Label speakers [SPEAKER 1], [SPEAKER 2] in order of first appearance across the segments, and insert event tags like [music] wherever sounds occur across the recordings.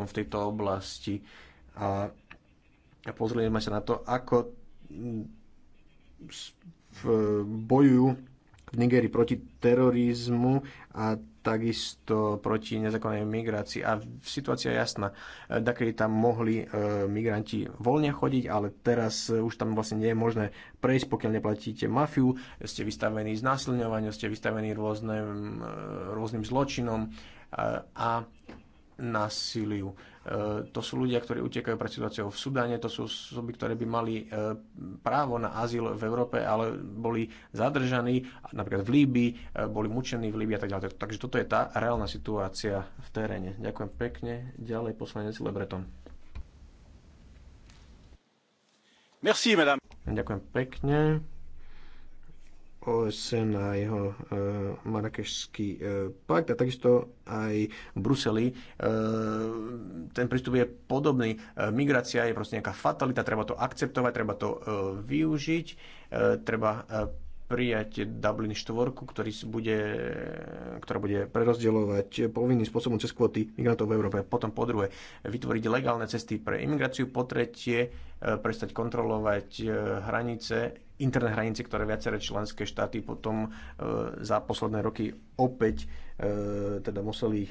[SPEAKER 1] v tejto oblasti a pozrieme sa na to, ako bojujú v Nigerii proti terorizmu a takisto proti nezákonnej migrácii. A situácia je jasná. Dakedy tam mohli e, migranti voľne chodiť, ale teraz e, už tam vlastne nie je možné prejsť, pokiaľ neplatíte mafiu, ste vystavení znásilňovaniu, ste vystavení rôznym, e, rôznym zločinom a násiliu. E, to sú ľudia, ktorí utekajú pred situáciou v Sudáne, to sú osoby, ktoré by mali e, právo na azyl v Európe, ale boli zadržaní napríklad v Líbii, e, boli mučení v Líbii a tak ďalej. Takže toto je tá reálna situácia v teréne. Ďakujem pekne. Ďalej poslanec Lebreton. Merci, madame. Ďakujem pekne. OSN a jeho e, marakešský e, pakt a takisto aj v Bruseli. E, ten prístup je podobný. E, migrácia je proste nejaká fatalita, treba to akceptovať, treba to e, využiť, e, treba e, prijať Dublin 4, ktorý bude, ktorá bude prerozdeľovať povinným spôsobom cez kvoty migrantov v Európe. Potom po druhé, vytvoriť legálne cesty pre imigráciu. Po tretie, e, prestať kontrolovať e, hranice interné hranice, ktoré viaceré členské štáty potom e, za posledné roky opäť e, teda museli e,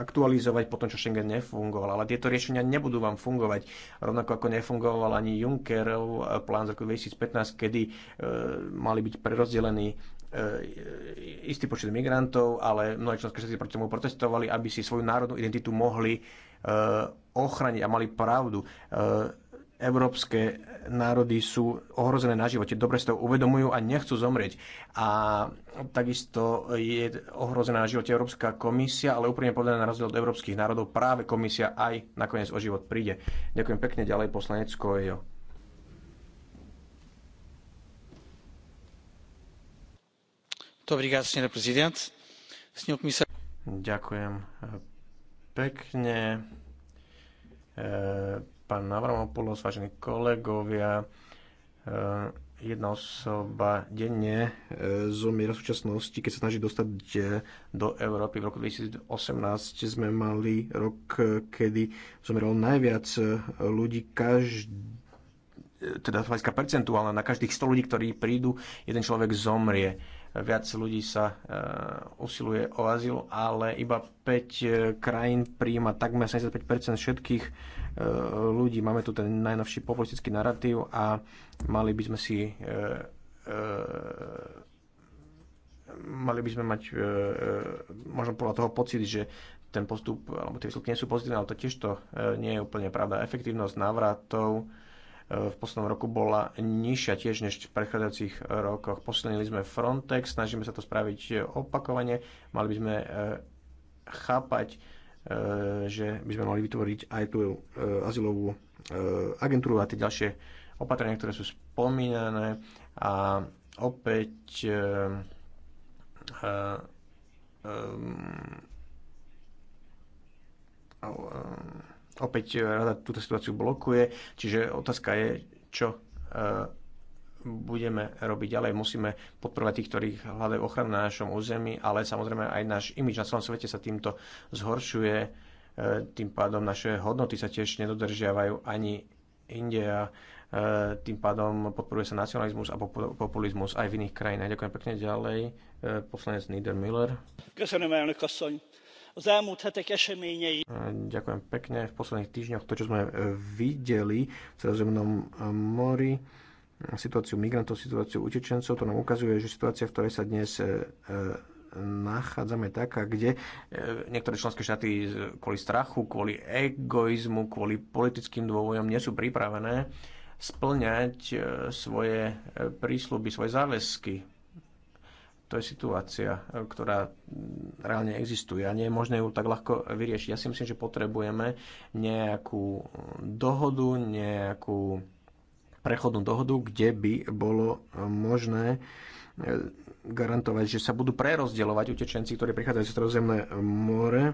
[SPEAKER 1] aktualizovať po tom, čo Schengen nefungoval. Ale tieto riešenia nebudú vám fungovať. Rovnako ako nefungoval ani Junckerov plán z roku 2015, kedy mali byť prerozdelení istý počet migrantov, ale mnohé členské štáty proti tomu protestovali, aby si svoju národnú identitu mohli ochraniť a mali pravdu európske národy sú ohrozené na živote. Dobre si to uvedomujú a nechcú zomrieť. A takisto je ohrozená na živote Európska komisia, ale úprimne povedané na rozdiel od európskych národov práve komisia aj nakoniec o život príde. Ďakujem pekne ďalej poslanec Kojo. Ďakujem pekne e, pán Navramopoulos, vážení kolegovia. E, jedna osoba denne e, zomiera v súčasnosti, keď sa snaží dostať do Európy. V roku 2018 sme mali rok, e, kedy zomieralo najviac ľudí každý teda hľadiska percentuálne, na každých 100 ľudí, ktorí prídu, jeden človek zomrie. Viac ľudí sa e, usiluje o azyl, ale iba 5 krajín príjma, takmer 75% všetkých Eh, ľudí. Máme tu ten najnovší populistický narratív a mali by sme si eh, eh, mali by sme mať možno podľa toho pocit, že ten postup alebo tie výsledky nie sú pozitívne, ale to tiež to nie je úplne pravda. Efektívnosť návratov v poslednom roku bola nižšia tiež než v predchádzajúcich rokoch. Posilnili sme Frontex, snažíme sa to spraviť opakovane, mali by sme chápať E, že by sme mali vytvoriť aj tú e, azylovú e, agentúru a tie ďalšie opatrenia, ktoré sú spomínané a opäť opäť rada túto situáciu blokuje, čiže otázka je, čo budeme robiť ďalej. Musíme podporovať tých, ktorí hľadajú ochranu na našom území, ale samozrejme aj náš imič na celom svete sa týmto zhoršuje. E, tým pádom naše hodnoty sa tiež nedodržiavajú ani India. E, tým pádom podporuje sa nacionalizmus a populizmus aj v iných krajinách. Ďakujem pekne ďalej. E, poslanec Miller. Ďakujem pekne. V posledných týždňoch to, čo sme videli v Sredozemnom mori, situáciu migrantov, situáciu utečencov. To nám ukazuje, že situácia, v ktorej sa dnes e, e, nachádzame taká, kde e, niektoré členské štáty kvôli strachu, kvôli egoizmu, kvôli politickým dôvodom nie sú pripravené splňať svoje prísľuby, svoje záväzky. To je situácia, ktorá reálne existuje a nie je možné ju tak ľahko vyriešiť. Ja si myslím, že potrebujeme nejakú dohodu, nejakú prechodnú dohodu, kde by bolo eh, možné eh, garantovať, že sa budú prerozdeľovať utečenci, ktorí prichádzajú z Stredozemné eh, more,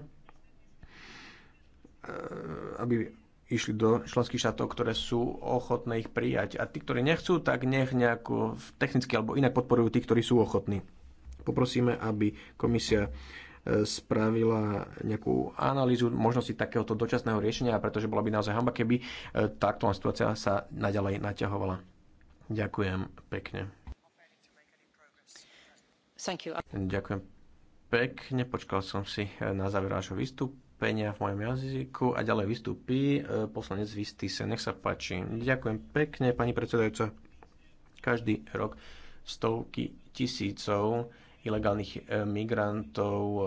[SPEAKER 1] aby išli do členských štátov, ktoré sú ochotné ich prijať. A tí, ktorí nechcú, tak nech nejako technicky alebo inak podporujú tí, ktorí sú ochotní. Poprosíme, aby komisia spravila nejakú analýzu možnosti takéhoto dočasného riešenia, pretože bola by naozaj hamba, keby e, táto situácia sa naďalej naťahovala. Ďakujem pekne. Ďakujem pekne, počkal som si e, na záver vášho vystúpenia v mojom jazyku a ďalej vystúpi e, poslanec Vistise. Nech sa páči. Ďakujem pekne, pani predsedajúca. Každý rok stovky tisícov ilegálnych e, migrantov e,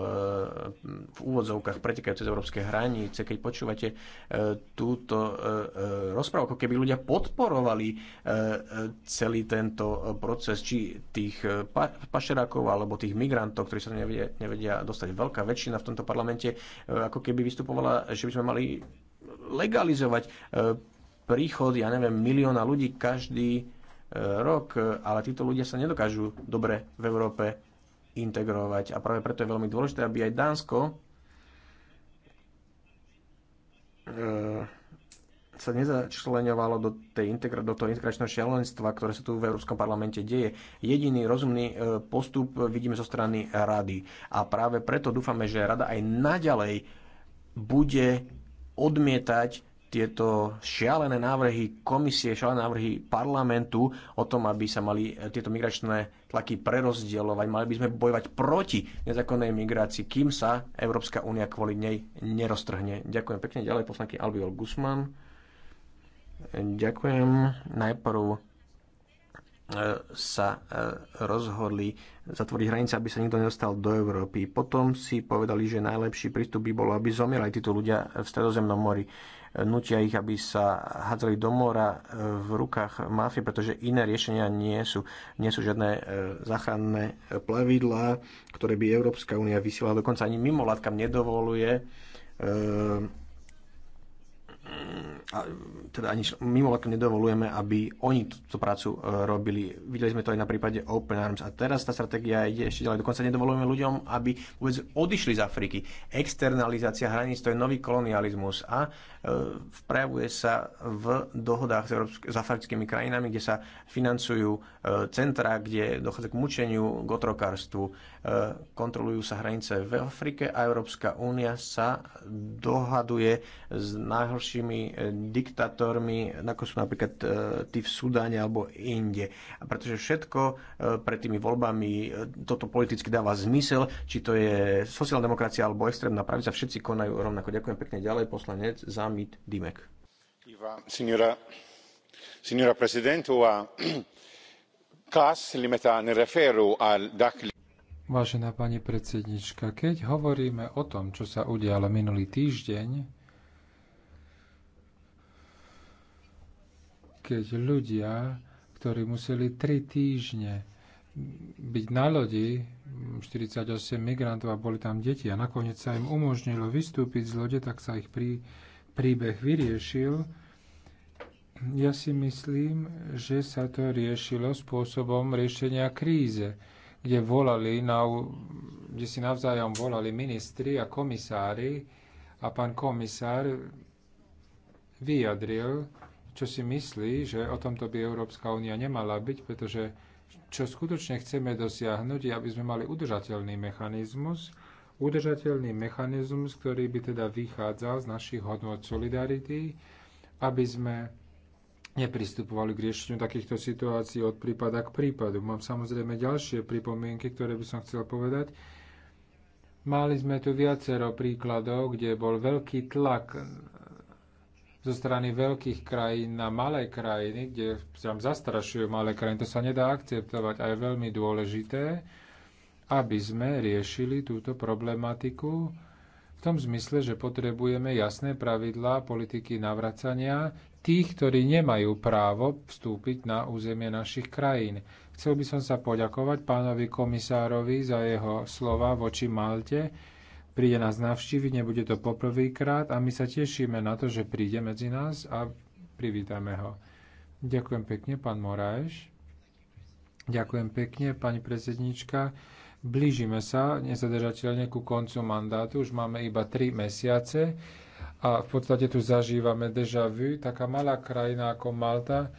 [SPEAKER 1] v úvodzovkách pretekajú cez európske hranice. Keď počúvate e, túto rozprávu, ako keby ľudia podporovali celý tento proces, či tých pašerákov alebo tých migrantov, ktorí sa nevedia, nevedia dostať. Veľká väčšina v tomto parlamente ako keby vystupovala, že by sme mali legalizovať príchod, ja neviem, milióna ľudí každý rok, ale títo ľudia sa nedokážu dobre v Európe integrovať. A práve preto je veľmi dôležité, aby aj Dánsko e, sa nezačlenovalo do, tej integra- do toho integračného šialenstva, ktoré sa tu v Európskom parlamente deje. Jediný rozumný e, postup vidíme zo strany rady. A práve preto dúfame, že rada aj naďalej bude odmietať tieto šialené návrhy komisie, šialené návrhy parlamentu o tom, aby sa mali e, tieto migračné tlaky prerozdielovať. Mali by sme bojovať proti nezákonnej migrácii, kým sa Európska únia kvôli nej neroztrhne. Ďakujem pekne. Ďalej poslanky Albiol Gusman. Ďakujem. Najprv e, sa e, rozhodli zatvoriť hranice, aby sa nikto nedostal do Európy. Potom si povedali, že najlepší prístup by bolo, aby zomierali títo ľudia v Stredozemnom mori nutia ich, aby sa hádzali do mora e, v rukách mafie, pretože iné riešenia nie sú. Nie sú žiadne e, záchranné e, plavidlá, ktoré by Európska únia vysielala. Dokonca ani mimo látkam nedovoluje teda ani mimovlákom nedovolujeme, aby oni túto prácu e, robili. Videli sme to aj na prípade Open Arms. A teraz tá stratégia ide ešte ďalej. Dokonca nedovolujeme ľuďom, aby vôbec odišli z Afriky. Externalizácia hraníc to je nový kolonializmus a e, vprejavuje sa v dohodách s, Európsk- s africkými krajinami, kde sa financujú e, centra, kde dochádza k mučeniu, k otrokárstvu. Eh, kontrolujú sa hranice v Afrike a Európska únia sa dohaduje s najhoršími eh, diktátormi, ako sú napríklad eh, tí v Sudáne alebo inde. A pretože všetko pred tými voľbami toto politicky dáva zmysel, či to je sociálna demokracia alebo extrémna pravica, všetci konajú rovnako. Ďakujem pekne ďalej, poslanec Zamit Dimek.
[SPEAKER 2] Signora, signora Presidente, a għas [clears throat] limita ne referu al dak Vážená pani predsednička, keď hovoríme o tom, čo sa udialo minulý týždeň, keď ľudia, ktorí museli tri týždne byť na lodi, 48 migrantov a boli tam deti a nakoniec sa im umožnilo vystúpiť z lode, tak sa ich prí, príbeh vyriešil. Ja si myslím, že sa to riešilo spôsobom riešenia kríze kde volali na, kde si navzájom volali ministri a komisári a pán komisár vyjadril, čo si myslí, že o tomto by Európska únia nemala byť, pretože čo skutočne chceme dosiahnuť, je, aby sme mali udržateľný mechanizmus, udržateľný mechanizmus, ktorý by teda vychádzal z našich hodnot solidarity, aby sme nepristupovali k riešeniu takýchto situácií od prípada k prípadu. Mám samozrejme ďalšie pripomienky, ktoré by som chcel povedať. Mali sme tu viacero príkladov, kde bol veľký tlak zo strany veľkých krajín na malé krajiny, kde sa zastrašujú malé krajiny. To sa nedá akceptovať a je veľmi dôležité, aby sme riešili túto problematiku v tom zmysle, že potrebujeme jasné pravidlá politiky navracania tých, ktorí nemajú právo vstúpiť na územie našich krajín. Chcel by som sa poďakovať pánovi komisárovi za jeho slova voči Malte. Príde nás navštíviť, nebude to poprvýkrát a my sa tešíme na to, že príde medzi nás a privítame ho. Ďakujem pekne, pán Moráš. Ďakujem pekne, pani predsednička. Blížime sa nezadržateľne ku koncu mandátu, už máme iba 3 mesiace a v podstate tu zažívame deja vu. Taká malá krajina ako Malta,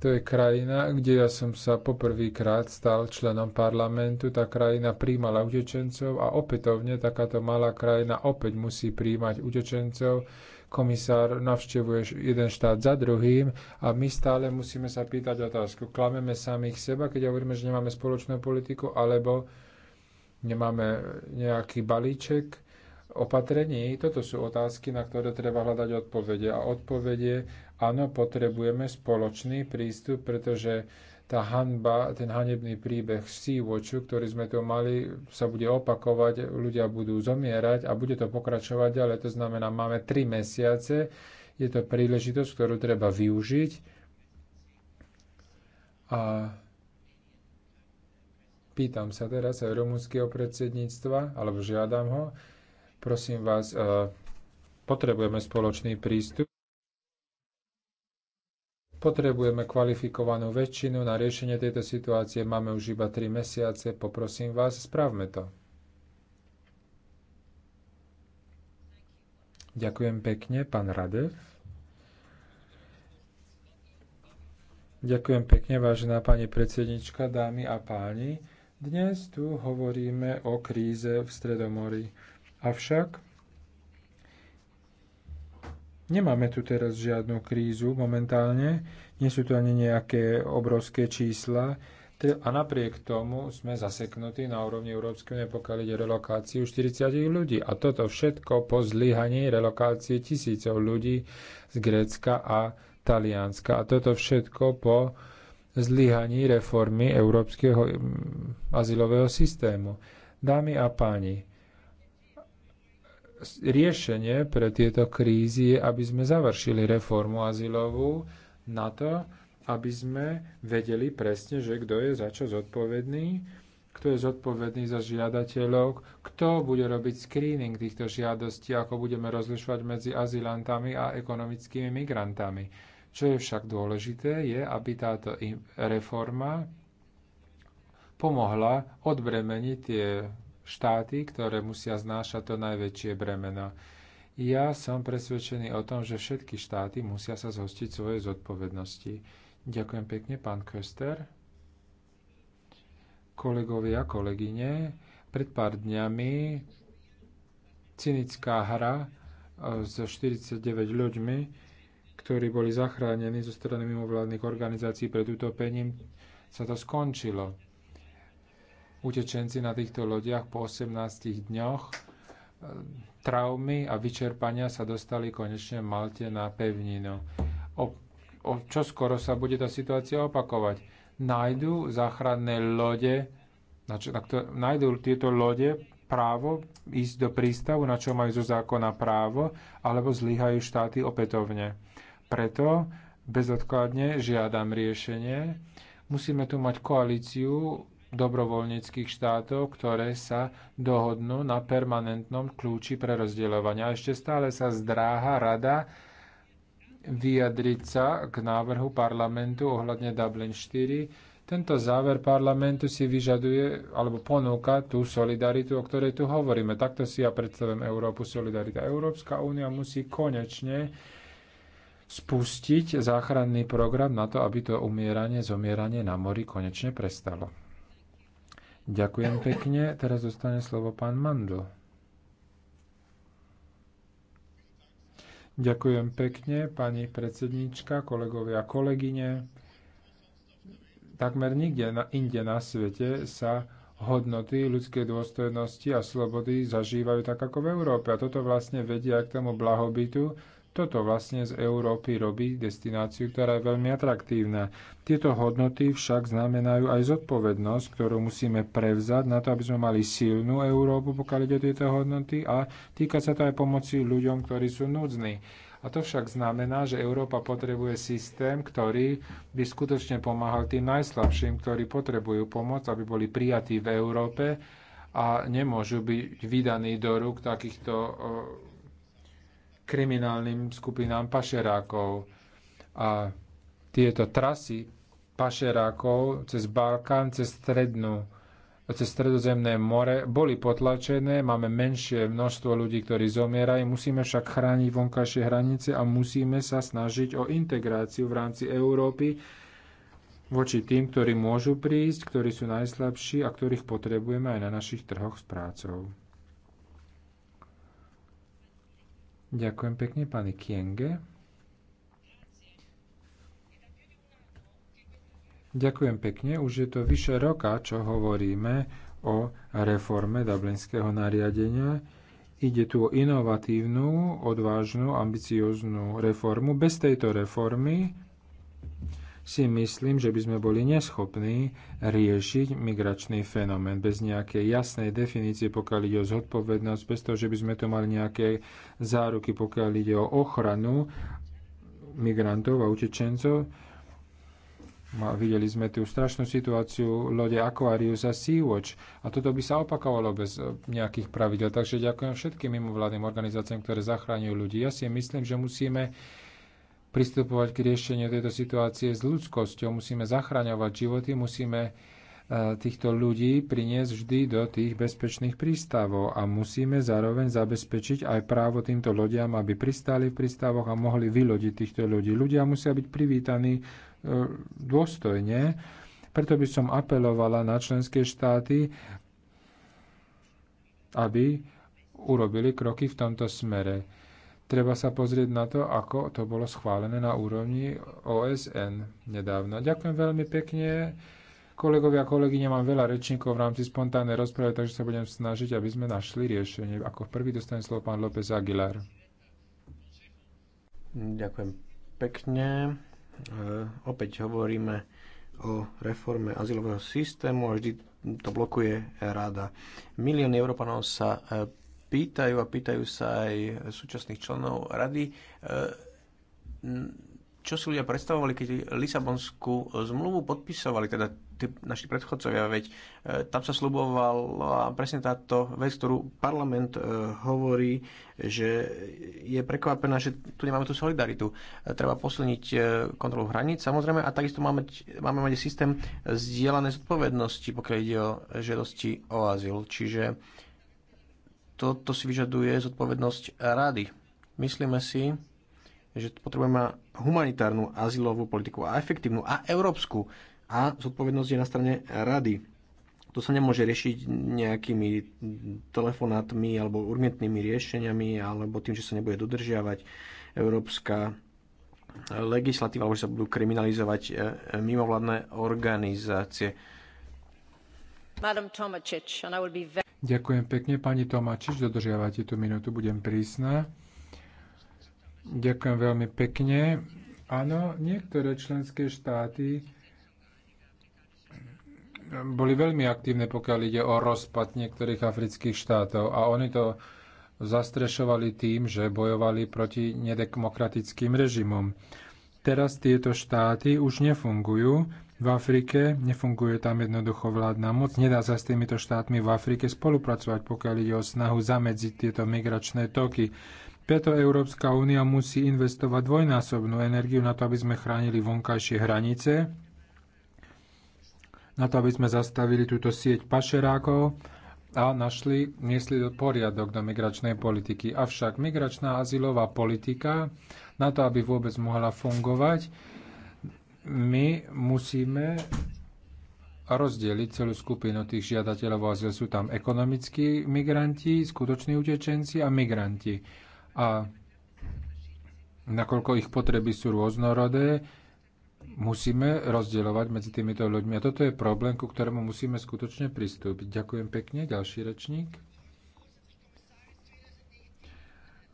[SPEAKER 2] to je krajina, kde ja som sa poprvýkrát stal členom parlamentu. Tá krajina príjmala utečencov a opätovne takáto malá krajina opäť musí príjmať utečencov komisár navštevuje jeden štát za druhým a my stále musíme sa pýtať otázku. Klameme samých seba, keď hovoríme, že nemáme spoločnú politiku, alebo nemáme nejaký balíček opatrení. Toto sú otázky, na ktoré treba hľadať odpovede. A odpovede, áno, potrebujeme spoločný prístup, pretože tá hanba, ten hanebný príbeh Sea-Watchu, ktorý sme tu mali, sa bude opakovať, ľudia budú zomierať a bude to pokračovať ďalej. To znamená, máme tri mesiace, je to príležitosť, ktorú treba využiť. A pýtam sa teraz aj rumúnskeho predsedníctva, alebo žiadam ho, prosím vás, eh, potrebujeme spoločný prístup. Potrebujeme kvalifikovanú väčšinu na riešenie tejto situácie. Máme už iba 3 mesiace. Poprosím vás, spravme to. Ďakujem pekne, pán Radev. Ďakujem pekne, vážená pani predsednička, dámy a páni. Dnes tu hovoríme o kríze v Stredomori. Avšak Nemáme tu teraz žiadnu krízu momentálne, nie sú tu ani nejaké obrovské čísla a napriek tomu sme zaseknutí na úrovni Európskej únie, pokiaľ ide relokáciu 40 ľudí. A toto všetko po zlyhaní relokácie tisícov ľudí z Grécka a Talianska. A toto všetko po zlyhaní reformy európskeho mm, azylového systému. Dámy a páni, riešenie pre tieto krízy je, aby sme završili reformu azylovú na to, aby sme vedeli presne, že kto je za čo zodpovedný, kto je zodpovedný za žiadateľov, kto bude robiť screening týchto žiadostí, ako budeme rozlišovať medzi azylantami a ekonomickými migrantami. Čo je však dôležité, je, aby táto reforma pomohla odbremeniť tie štáty, ktoré musia znášať to najväčšie bremeno. Ja som presvedčený o tom, že všetky štáty musia sa zhostiť svojej zodpovednosti. Ďakujem pekne, pán Köster. Kolegovia, kolegyne, pred pár dňami cynická hra e, so 49 ľuďmi, ktorí boli zachránení zo strany mimovládnych organizácií pred utopením, sa to skončilo utečenci na týchto lodiach po 18 dňoch e, traumy a vyčerpania sa dostali konečne v Malte na pevninu. O, o čo skoro sa bude tá situácia opakovať? Nájdu záchranné lode, na čo, na to, tieto lode právo ísť do prístavu, na čo majú zo zákona právo, alebo zlyhajú štáty opätovne. Preto bezodkladne žiadam riešenie. Musíme tu mať koalíciu dobrovoľníckých štátov, ktoré sa dohodnú na permanentnom kľúči pre Ešte stále sa zdráha rada vyjadriť sa k návrhu parlamentu ohľadne Dublin 4. Tento záver parlamentu si vyžaduje alebo ponúka tú solidaritu, o ktorej tu hovoríme. Takto si ja predstavujem Európu solidarita. Európska únia musí konečne spustiť záchranný program na to, aby to umieranie, zomieranie na mori konečne prestalo. Ďakujem pekne. Teraz dostane slovo pán Mandl. Ďakujem pekne, pani predsednička, kolegovia, kolegyne. Takmer nikde na, inde na svete sa hodnoty ľudskej dôstojnosti a slobody zažívajú tak ako v Európe. A toto vlastne vedia k tomu blahobytu, toto vlastne z Európy robí destináciu, ktorá je veľmi atraktívna. Tieto hodnoty však znamenajú aj zodpovednosť, ktorú musíme prevzať na to, aby sme mali silnú Európu, pokiaľ ide o tieto hodnoty a týka sa to aj pomoci ľuďom, ktorí sú núdzni. A to však znamená, že Európa potrebuje systém, ktorý by skutočne pomáhal tým najslabším, ktorí potrebujú pomoc, aby boli prijatí v Európe a nemôžu byť vydaní do rúk takýchto kriminálnym skupinám pašerákov. A tieto trasy pašerákov cez Balkán, cez strednú cez stredozemné more boli potlačené, máme menšie množstvo ľudí, ktorí zomierajú, musíme však chrániť vonkajšie hranice a musíme sa snažiť o integráciu v rámci Európy voči tým, ktorí môžu prísť, ktorí sú najslabší a ktorých potrebujeme aj na našich trhoch s prácou. Ďakujem pekne, pani Kienge. Ďakujem pekne. Už je to vyše roka, čo hovoríme o reforme dublinského nariadenia. Ide tu o inovatívnu, odvážnu, ambicióznu reformu. Bez tejto reformy si myslím, že by sme boli neschopní riešiť migračný fenomén bez nejakej jasnej definície, pokiaľ ide o zodpovednosť, bez toho, že by sme tu mali nejaké záruky, pokiaľ ide o ochranu migrantov a utečencov. Videli sme tu strašnú situáciu lode Aquarius a Sea-Watch a toto by sa opakovalo bez e, nejakých pravidel. Takže ďakujem všetkým mimovládnym organizáciám, ktoré zachránujú ľudí. Ja si myslím, že musíme pristupovať k riešeniu tejto situácie s ľudskosťou. Musíme zachraňovať životy, musíme e, týchto ľudí priniesť vždy do tých bezpečných prístavov a musíme zároveň zabezpečiť aj právo týmto lodiam, aby pristáli v prístavoch a mohli vylodiť týchto ľudí. Ľudia musia byť privítaní e, dôstojne, preto by som apelovala na členské štáty, aby urobili kroky v tomto smere Treba sa pozrieť na to, ako to bolo schválené na úrovni OSN nedávno. Ďakujem veľmi pekne. Kolegovia a kolegy, mám veľa rečníkov v rámci spontánnej rozpravy, takže sa budem snažiť, aby sme našli riešenie. Ako prvý dostane slovo pán López Aguilar. Ďakujem pekne. E, opäť
[SPEAKER 1] hovoríme o reforme azylového systému a vždy to blokuje rada. Milióny Európanov sa e, pýtajú a pýtajú sa aj súčasných členov rady, e, čo si ľudia predstavovali, keď Lisabonskú zmluvu podpisovali, teda tí, naši predchodcovia, veď e, tam sa slubovala presne táto vec, ktorú parlament e, hovorí, že je prekvapená, že tu nemáme tú solidaritu. Treba posilniť kontrolu hraníc, samozrejme, a takisto máme, máme mať systém zdieľanej zodpovednosti, pokiaľ ide o žiadosti o azyl. Čiže toto si vyžaduje zodpovednosť rady. Myslíme si, že potrebujeme humanitárnu azylovú politiku a efektívnu a európsku a zodpovednosť je na strane rady. To sa nemôže riešiť nejakými telefonátmi alebo urgentnými riešeniami alebo tým, že sa nebude dodržiavať európska legislatíva alebo že sa budú kriminalizovať e, mimovládne organizácie.
[SPEAKER 3] Madam Tomačič, and I will be very...
[SPEAKER 2] Ďakujem pekne, pani Tomačič, dodržiavate tú minútu, budem prísna. Ďakujem veľmi pekne. Áno, niektoré členské štáty boli veľmi aktívne, pokiaľ ide o rozpad niektorých afrických štátov a oni to zastrešovali tým, že bojovali proti nedemokratickým režimom. Teraz tieto štáty už nefungujú v Afrike, nefunguje tam jednoducho vládna moc, nedá sa s týmito štátmi v Afrike spolupracovať, pokiaľ ide o snahu zamedziť tieto migračné toky. Preto Európska únia musí investovať dvojnásobnú energiu na to, aby sme chránili vonkajšie hranice, na to, aby sme zastavili túto sieť pašerákov a našli, niesli poriadok do migračnej politiky. Avšak migračná azylová politika na to, aby vôbec mohla fungovať, my musíme rozdeliť celú skupinu tých žiadateľov o azyl. Sú tam ekonomickí migranti, skutoční utečenci a migranti. A nakoľko ich potreby sú rôznorodé, musíme rozdielovať medzi týmito ľuďmi. A toto je problém, ku ktorému musíme skutočne pristúpiť. Ďakujem pekne. Ďalší rečník.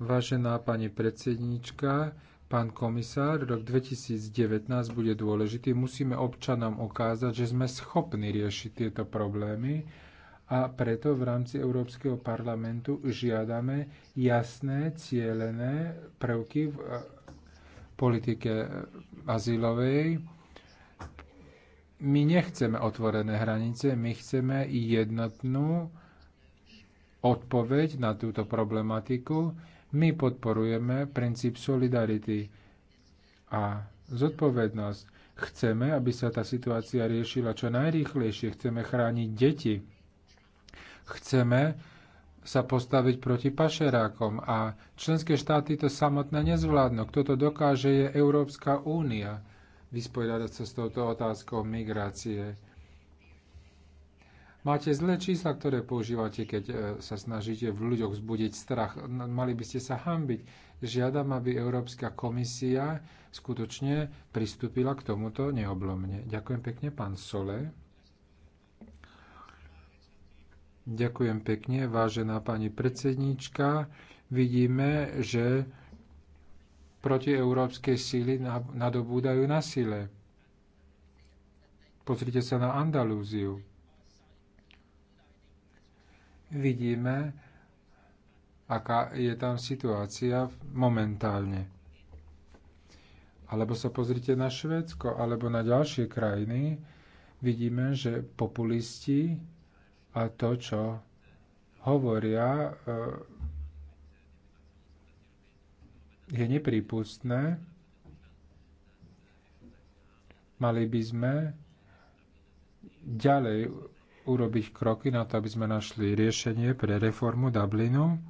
[SPEAKER 2] Vážená pani predsednička, Pán komisár, rok 2019 bude dôležitý. Musíme občanom ukázať, že sme schopní riešiť tieto problémy a preto v rámci Európskeho parlamentu žiadame jasné, cielené prvky v eh, politike eh, azylovej. My nechceme otvorené hranice, my chceme jednotnú odpoveď na túto problematiku my podporujeme princíp solidarity a zodpovednosť. Chceme, aby sa tá situácia riešila čo najrýchlejšie. Chceme chrániť deti. Chceme sa postaviť proti pašerákom a členské štáty to samotné nezvládnu. Kto to dokáže, je Európska únia vysporiadať sa s touto otázkou migrácie. Máte zlé čísla, ktoré používate, keď e, sa snažíte v ľuďoch vzbudiť strach. Mali by ste sa hambiť. Žiadam, aby Európska komisia skutočne pristúpila k tomuto neoblomne. Ďakujem pekne, pán Sole. Ďakujem pekne, vážená pani predsedníčka. Vidíme, že protieurópske síly nadobúdajú na sile. Pozrite sa na Andalúziu vidíme, aká je tam situácia momentálne. Alebo sa pozrite na Švédsko, alebo na ďalšie krajiny, vidíme, že populisti a to, čo hovoria, e, je neprípustné. Mali by sme ďalej urobiť kroky na to, aby sme našli riešenie pre reformu Dublinu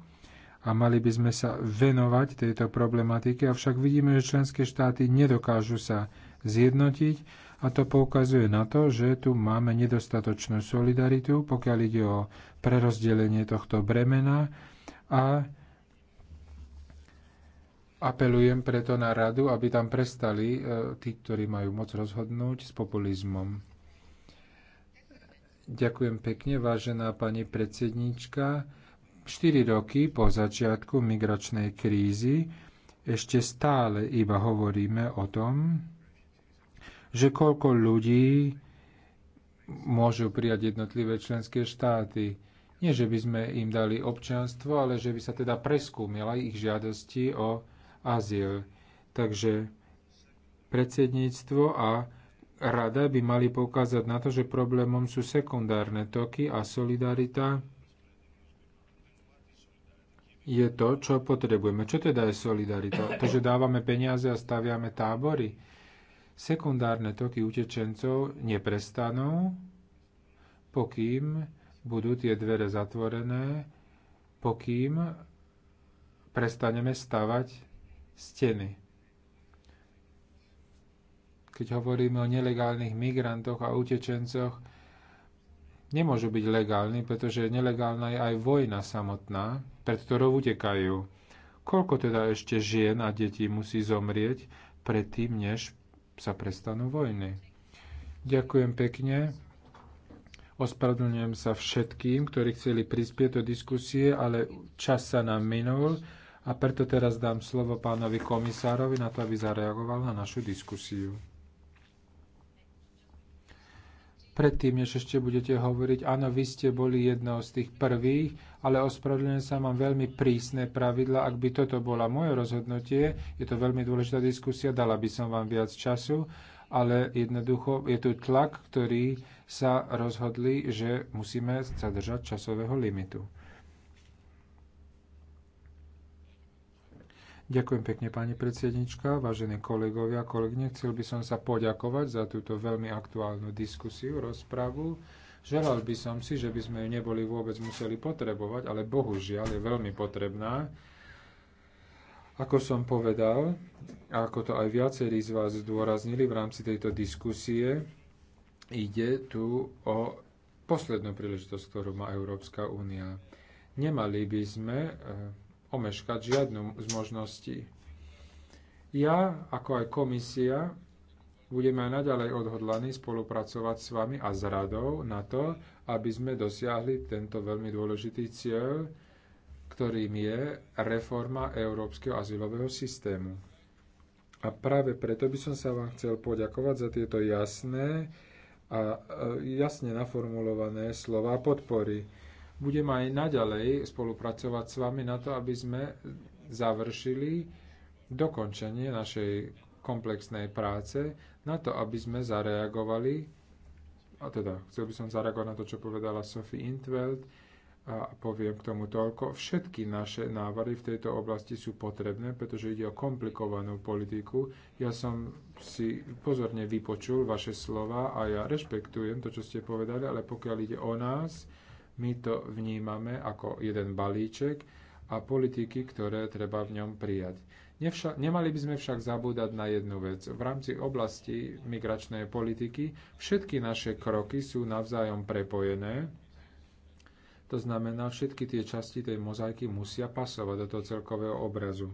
[SPEAKER 2] a mali by sme sa venovať tejto problematike, avšak vidíme, že členské štáty nedokážu sa zjednotiť a to poukazuje na to, že tu máme nedostatočnú solidaritu, pokiaľ ide o prerozdelenie tohto bremena a apelujem preto na radu, aby tam prestali e, tí, ktorí majú moc rozhodnúť s populizmom. Ďakujem pekne, vážená pani predsednička. 4 roky po začiatku migračnej krízy ešte stále iba hovoríme o tom, že koľko ľudí môžu prijať jednotlivé členské štáty. Nie, že by sme im dali občianstvo, ale že by sa teda preskúmila ich žiadosti o azyl. Takže predsedníctvo a rada by mali poukázať na to, že problémom sú sekundárne toky a solidarita je to, čo potrebujeme. Čo teda je solidarita? To, že dávame peniaze a staviame tábory? Sekundárne toky utečencov neprestanú, pokým budú tie dvere zatvorené, pokým prestaneme stavať steny keď hovoríme o nelegálnych migrantoch a utečencoch, nemôžu byť legálni, pretože nelegálna je aj vojna samotná, pred ktorou utekajú. Koľko teda ešte žien a detí musí zomrieť predtým, než sa prestanú vojny? Ďakujem pekne. Ospravedlňujem sa všetkým, ktorí chceli prispieť do diskusie, ale čas sa nám minul a preto teraz dám slovo pánovi komisárovi na to, aby zareagoval na našu diskusiu predtým, než ešte budete hovoriť, áno, vy ste boli jednou z tých prvých, ale ospravedlňujem sa, mám veľmi prísne pravidla. Ak by toto bola moje rozhodnutie, je to veľmi dôležitá diskusia, dala by som vám viac času, ale jednoducho je tu tlak, ktorý sa rozhodli, že musíme sa držať časového limitu. Ďakujem pekne, pani predsednička, vážení kolegovia a kolegyne. Chcel by som sa poďakovať za túto veľmi aktuálnu diskusiu, rozpravu. Želal by som si, že by sme ju neboli vôbec museli potrebovať, ale bohužiaľ je veľmi potrebná. Ako som povedal, a ako to aj viacerí z vás zdôraznili v rámci tejto diskusie, ide tu o poslednú príležitosť, ktorú má Európska únia. Nemali by sme eh, omeškať žiadnu z možností. Ja, ako aj komisia, budeme aj naďalej odhodlaní spolupracovať s vami a s radou na to, aby sme dosiahli tento veľmi dôležitý cieľ, ktorým je reforma európskeho azylového systému. A práve preto by som sa vám chcel poďakovať za tieto jasné a e, jasne naformulované slova podpory budem aj naďalej spolupracovať s vami na to, aby sme završili dokončenie našej komplexnej práce na to, aby sme zareagovali, a teda chcel by som zareagovať na to, čo povedala Sophie Intveld, a poviem k tomu toľko. Všetky naše návary v tejto oblasti sú potrebné, pretože ide o komplikovanú politiku. Ja som si pozorne vypočul vaše slova a ja rešpektujem to, čo ste povedali, ale pokiaľ ide o nás, my to vnímame ako jeden balíček a politiky, ktoré treba v ňom prijať. Nevša- nemali by sme však zabúdať na jednu vec. V rámci oblasti migračnej politiky všetky naše kroky sú navzájom prepojené. To znamená, všetky tie časti tej mozaiky musia pasovať do toho celkového obrazu.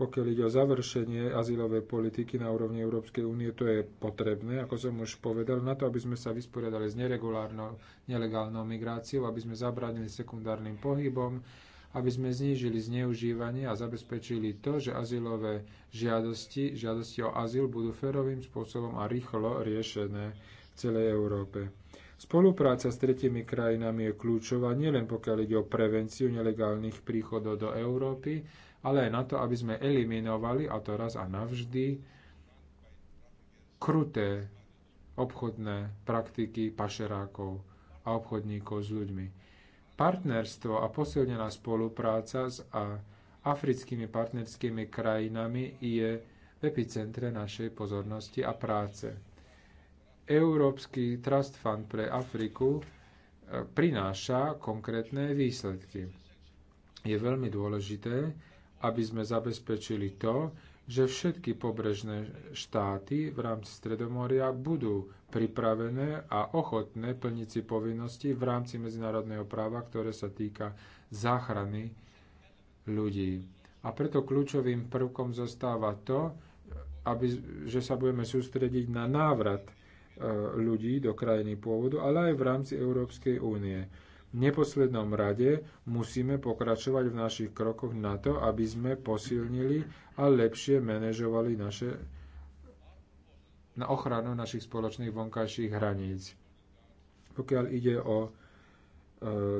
[SPEAKER 2] Pokiaľ ide o završenie azylovej politiky na úrovni Európskej únie, to je potrebné, ako som už povedal, na to, aby sme sa vysporiadali s neregulárnou, nelegálnou migráciou, aby sme zabránili sekundárnym pohybom, aby sme znížili zneužívanie a zabezpečili to, že azylové žiadosti, žiadosti o azyl budú férovým spôsobom a rýchlo riešené v celej Európe. Spolupráca s tretimi krajinami je kľúčová nielen pokiaľ ide o prevenciu nelegálnych príchodov do Európy, ale aj na to, aby sme eliminovali, a to raz a navždy, kruté obchodné praktiky pašerákov a obchodníkov s ľuďmi. Partnerstvo a posilnená spolupráca s africkými partnerskými krajinami je v epicentre našej pozornosti a práce. Európsky Trust Fund pre Afriku e, prináša konkrétne výsledky. Je veľmi dôležité, aby sme zabezpečili to, že všetky pobrežné štáty v rámci Stredomoria budú pripravené a ochotné plniť si povinnosti v rámci medzinárodného práva, ktoré sa týka záchrany ľudí. A preto kľúčovým prvkom zostáva to, aby, že sa budeme sústrediť na návrat e, ľudí do krajiny pôvodu, ale aj v rámci Európskej únie v neposlednom rade musíme pokračovať v našich krokoch na to, aby sme posilnili a lepšie manažovali naše, na ochranu našich spoločných vonkajších hraníc. Pokiaľ ide o e,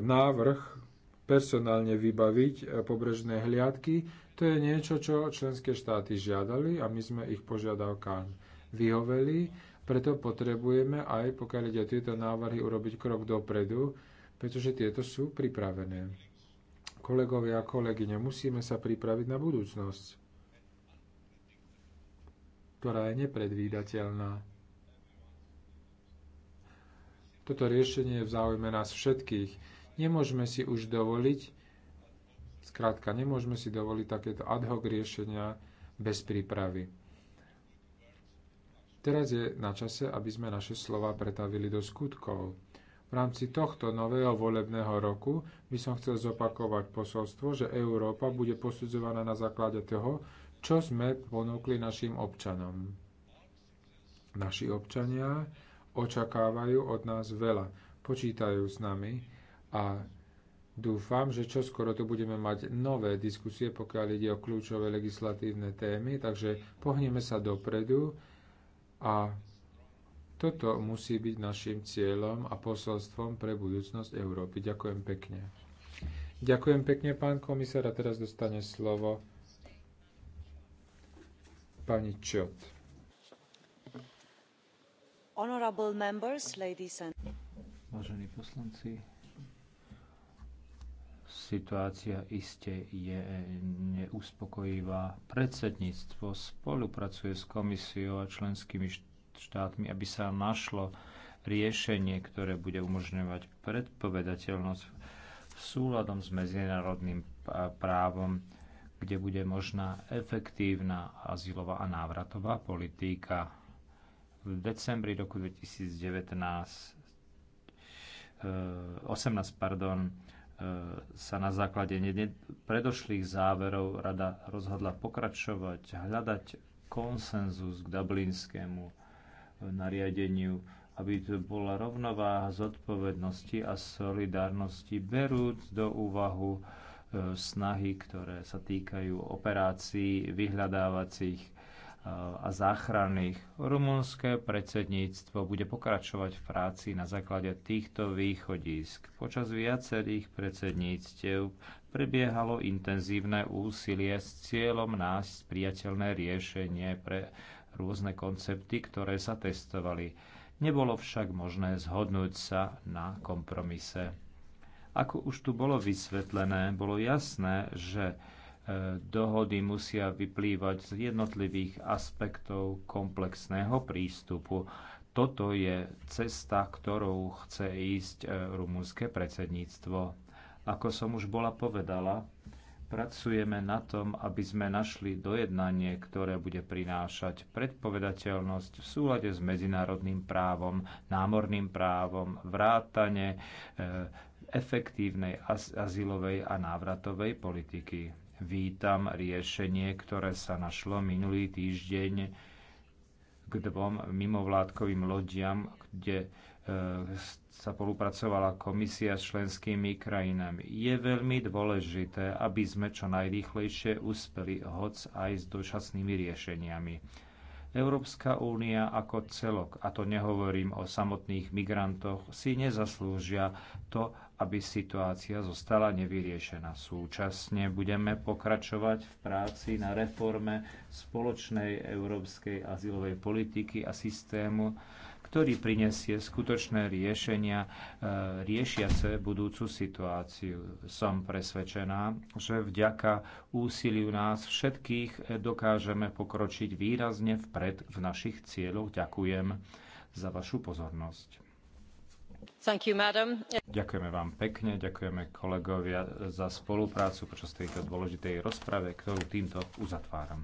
[SPEAKER 2] návrh personálne vybaviť e, pobrežné hliadky, to je niečo, čo členské štáty žiadali a my sme ich požiadavkám vyhoveli, preto potrebujeme aj, pokiaľ ide o tieto návrhy, urobiť krok dopredu, pretože tieto sú pripravené. Kolegovia a kolegyne, musíme sa pripraviť na budúcnosť, ktorá je nepredvídateľná. Toto riešenie je v záujme nás všetkých. Nemôžeme si už dovoliť, Skrátka, nemôžeme si dovoliť takéto ad hoc riešenia bez prípravy. Teraz je na čase, aby sme naše slova pretavili do skutkov. V rámci tohto nového volebného roku by som chcel zopakovať posolstvo, že Európa bude posudzovaná na základe toho, čo sme ponúkli našim občanom. Naši občania očakávajú od nás veľa, počítajú s nami a dúfam, že čoskoro tu budeme mať nové diskusie, pokiaľ ide o kľúčové legislatívne témy, takže pohneme sa dopredu a toto musí byť našim cieľom a posolstvom pre budúcnosť Európy. Ďakujem pekne. Ďakujem pekne, pán komisár. A teraz dostane slovo pani Čot. Honorable members, ladies and...
[SPEAKER 3] Vážení poslanci, situácia iste je neuspokojivá. Predsedníctvo spolupracuje s komisiou a členskými štátmi štátmi, aby sa našlo riešenie, ktoré bude umožňovať predpovedateľnosť súladom s medzinárodným právom, kde bude možná efektívna azylová a návratová politika. V decembri roku 2019 18 eh, pardon, eh, sa na základe predošlých záverov rada rozhodla pokračovať, hľadať konsenzus k dublinskému nariadeniu, aby tu bola rovnováha zodpovednosti a solidárnosti, berúc do úvahu e, snahy, ktoré sa týkajú operácií vyhľadávacích e, a záchranných. Rumunské predsedníctvo bude pokračovať v práci na základe týchto východísk. Počas viacerých predsedníctiev prebiehalo intenzívne úsilie s cieľom nájsť priateľné riešenie pre rôzne koncepty, ktoré sa testovali. Nebolo však možné zhodnúť sa na kompromise. Ako už tu bolo vysvetlené, bolo jasné, že e, dohody musia vyplývať z jednotlivých aspektov komplexného prístupu. Toto je cesta, ktorou chce ísť e, rumúnske predsedníctvo. Ako som už bola povedala, Pracujeme na tom, aby sme našli dojednanie, ktoré bude prinášať predpovedateľnosť v súlade s medzinárodným právom, námorným právom, vrátane eh, efektívnej az azylovej a návratovej politiky. Vítam riešenie, ktoré sa našlo minulý týždeň k dvom mimovládkovým lodiam, kde e, sa spolupracovala komisia s členskými krajinami. Je veľmi dôležité, aby sme čo najrýchlejšie uspeli hoc aj s dočasnými riešeniami Európska únia ako celok, a to nehovorím o samotných migrantoch, si nezaslúžia to, aby situácia zostala nevyriešená. Súčasne budeme pokračovať v práci na reforme spoločnej európskej azylovej politiky a systému ktorý prinesie skutočné riešenia e, riešiace budúcu situáciu. Som presvedčená, že vďaka úsiliu nás všetkých dokážeme pokročiť výrazne vpred v našich cieľoch. Ďakujem za vašu pozornosť. You, ďakujeme vám pekne, ďakujeme kolegovia za spoluprácu počas tejto dôležitej rozprave, ktorú týmto uzatváram.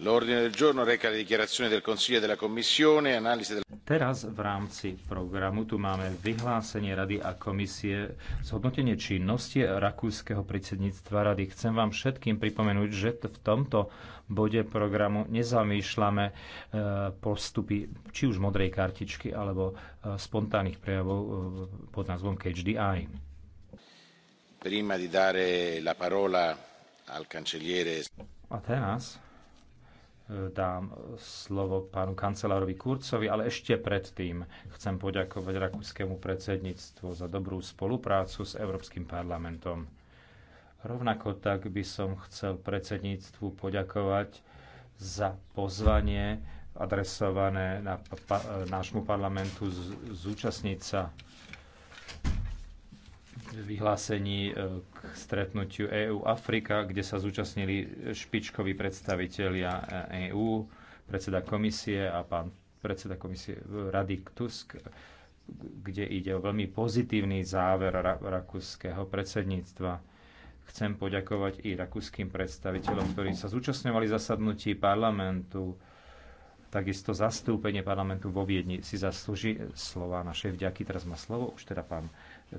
[SPEAKER 3] l'ordine del giorno reca le dichiarazioni del Consiglio e della Commissione, analisi del... Teraz v rámci programu tu máme vyhlásenie Rady a komisie zhodnotenie činnosti rakúskeho predsedníctva Rady. Chcem vám všetkým pripomenúť, že v tomto bode programu nezamýšľame e, postupy či už modrej kartičky alebo e, spontánnych prejavov e, pod názvom Catch the Eye. Prima
[SPEAKER 2] di dare la parola al cancelliere...
[SPEAKER 3] A teraz dám slovo pánu kancelárovi Kurcovi, ale ešte predtým chcem poďakovať rakúskému predsedníctvu za dobrú spoluprácu s Európskym parlamentom. Rovnako tak by som chcel predsedníctvu poďakovať za pozvanie adresované na pa, nášmu parlamentu z, zúčastniť sa vyhlásení e, k stretnutiu EU-Afrika, kde sa zúčastnili špičkoví predstavitelia EU, e predseda komisie a pán predseda komisie e, Rady Tusk, kde ide o veľmi pozitívny záver rakúskeho predsedníctva. Chcem poďakovať i rakúskym predstaviteľom, ktorí sa zúčastňovali zasadnutí parlamentu. Takisto zastúpenie parlamentu vo Viedni si zaslúži slova našej vďaky. Teraz má slovo už teda pán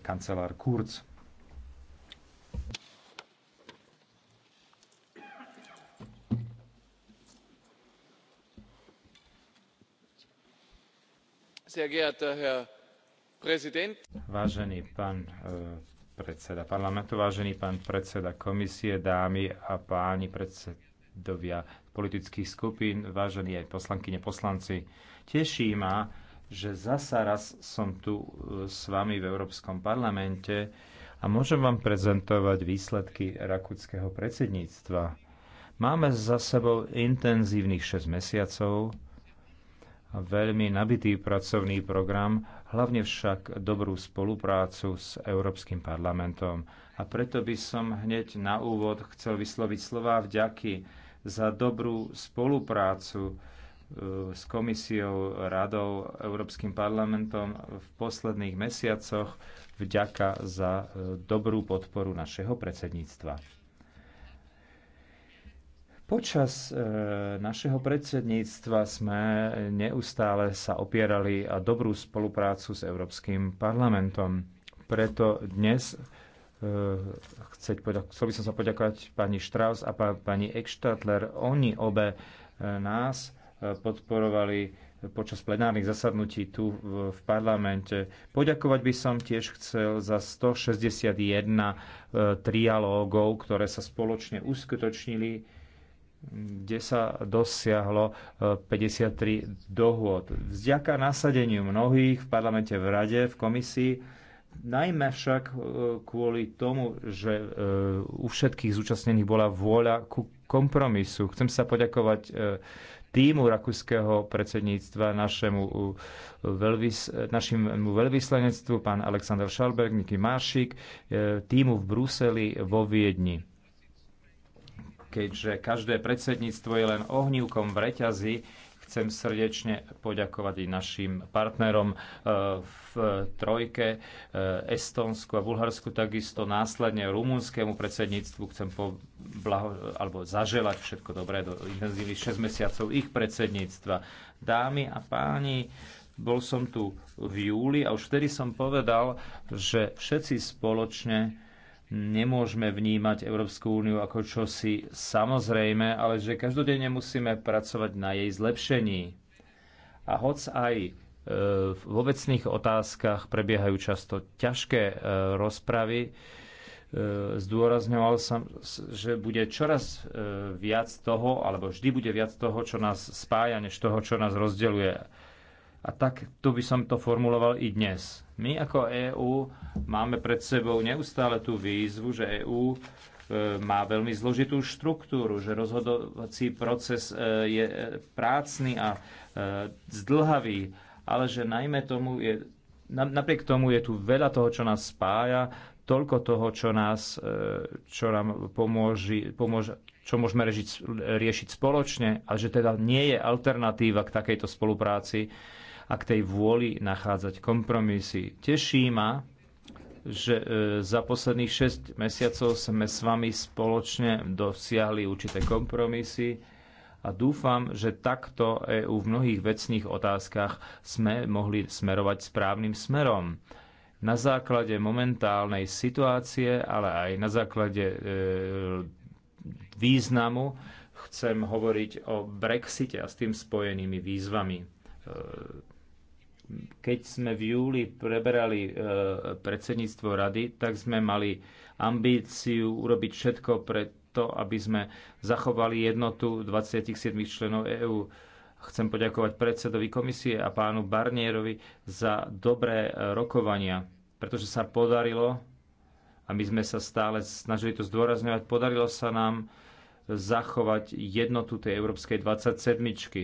[SPEAKER 3] kancelár Kurz. Vážený pán e, predseda parlamentu, vážený pán predseda komisie, dámy a páni predsedovia politických skupín, vážení aj poslankyne, poslanci, teší ma, že zasa raz som tu e, s vami v Európskom parlamente a môžem vám prezentovať výsledky rakúckého predsedníctva. Máme za sebou intenzívnych 6 mesiacov, veľmi nabitý pracovný program, hlavne však dobrú spoluprácu s Európskym parlamentom. A preto by som hneď na úvod chcel vysloviť slová vďaky za dobrú spoluprácu E, s komisiou, radou, Európskym parlamentom v posledných mesiacoch vďaka za e, dobrú podporu našeho predsedníctva. Počas e, našeho predsedníctva sme neustále sa opierali a dobrú spoluprácu s Európskym parlamentom. Preto dnes chceť chcel by som sa poďakovať pani Strauss a pani Eckstadler. Oni obe nás podporovali počas plenárnych zasadnutí tu v parlamente. Poďakovať by som tiež chcel za 161 eh, trialógov, ktoré sa spoločne uskutočnili, kde sa dosiahlo 53 eh, dohôd. Vďaka nasadeniu mnohých v parlamente, v rade, v komisii, najmä však eh, kvôli tomu, že u všetkých zúčastnených bola vôľa ku kompromisu. Chcem sa poďakovať týmu rakúskeho predsedníctva našemu, veľvys, našemu veľvyslanectvu, pán Aleksandr Šalberg, Niky Mášik, e, týmu v Bruseli vo Viedni. Keďže každé predsedníctvo je len ohnívkom v reťazi, Chcem srdečne poďakovať i našim partnerom e, v Trojke, e, Estonsku a Bulharsku, takisto následne rumúnskému predsedníctvu chcem blaho, alebo zaželať všetko dobré do intenzívnych 6 mesiacov ich predsedníctva. Dámy a páni, bol som tu v júli a už vtedy som povedal, že všetci spoločne nemôžeme vnímať Európsku úniu ako čosi samozrejme, ale že každodenne musíme pracovať na jej zlepšení. A hoc aj e, v obecných otázkach prebiehajú často ťažké e, rozpravy, e, zdôrazňoval som, že bude čoraz viac toho, alebo vždy bude viac toho, čo nás spája, než toho, čo nás rozdeluje. A tak to by som to formuloval i dnes my ako EÚ máme pred sebou neustále tú výzvu, že EÚ e, má veľmi zložitú štruktúru, že rozhodovací proces e, je e, prácný a zdlhavý, ale že najmä tomu je, napriek tomu je tu veľa toho, čo nás spája, toľko toho, čo nás, čo nám pomôži, pomôže, čo môžeme riešiť, riešiť spoločne a že teda nie je alternatíva k takejto spolupráci, a k tej vôli nachádzať kompromisy. Teší ma, že e, za posledných 6 mesiacov sme s vami spoločne dosiahli určité kompromisy a dúfam, že takto EU v mnohých vecných otázkach sme mohli smerovať správnym smerom. Na základe momentálnej situácie, ale aj na základe e, významu chcem hovoriť o Brexite a s tým spojenými výzvami. E, keď sme v júli preberali e, predsedníctvo rady, tak sme mali ambíciu urobiť všetko pre to, aby sme zachovali jednotu 27 členov EÚ. Chcem poďakovať predsedovi komisie a pánu Barnierovi za dobré e, rokovania, pretože sa podarilo, a my sme sa stále snažili to zdôrazňovať, podarilo sa nám zachovať jednotu tej európskej 27. -čky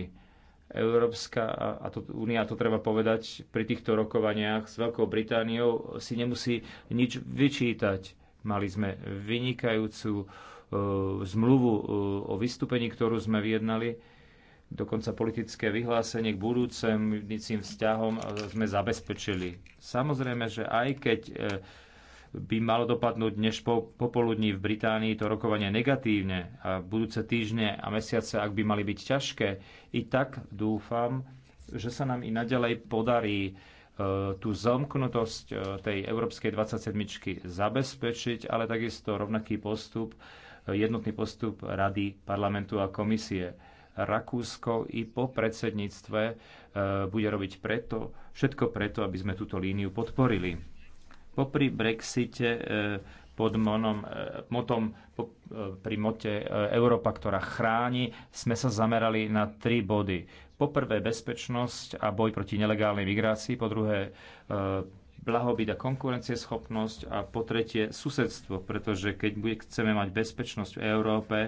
[SPEAKER 3] Európska, a to, Únia to treba povedať, pri týchto rokovaniach s Veľkou Britániou si nemusí nič vyčítať. Mali sme vynikajúcu e, zmluvu e, o vystúpení, ktorú sme vyjednali, dokonca politické vyhlásenie k budúcim vzťahom e, sme zabezpečili. Samozrejme, že aj keď e, by malo dopadnúť než po, popoludní v Británii to rokovanie negatívne a budúce týždne a mesiace, ak by mali byť ťažké, i tak dúfam, že sa nám i naďalej podarí e, tú zomknutosť e, tej Európskej 27 zabezpečiť, ale takisto rovnaký postup, e, jednotný postup Rady, parlamentu a komisie. Rakúsko i po predsedníctve bude robiť preto, všetko preto, aby sme túto líniu podporili. Popri Brexite e, pod monom, e, motom, e, pri mote Európa, ktorá chráni, sme sa zamerali na tri body. Po prvé bezpečnosť a boj proti nelegálnej migrácii, po druhé blahobyt a konkurencieschopnosť a po tretie susedstvo, pretože keď chceme mať bezpečnosť v Európe,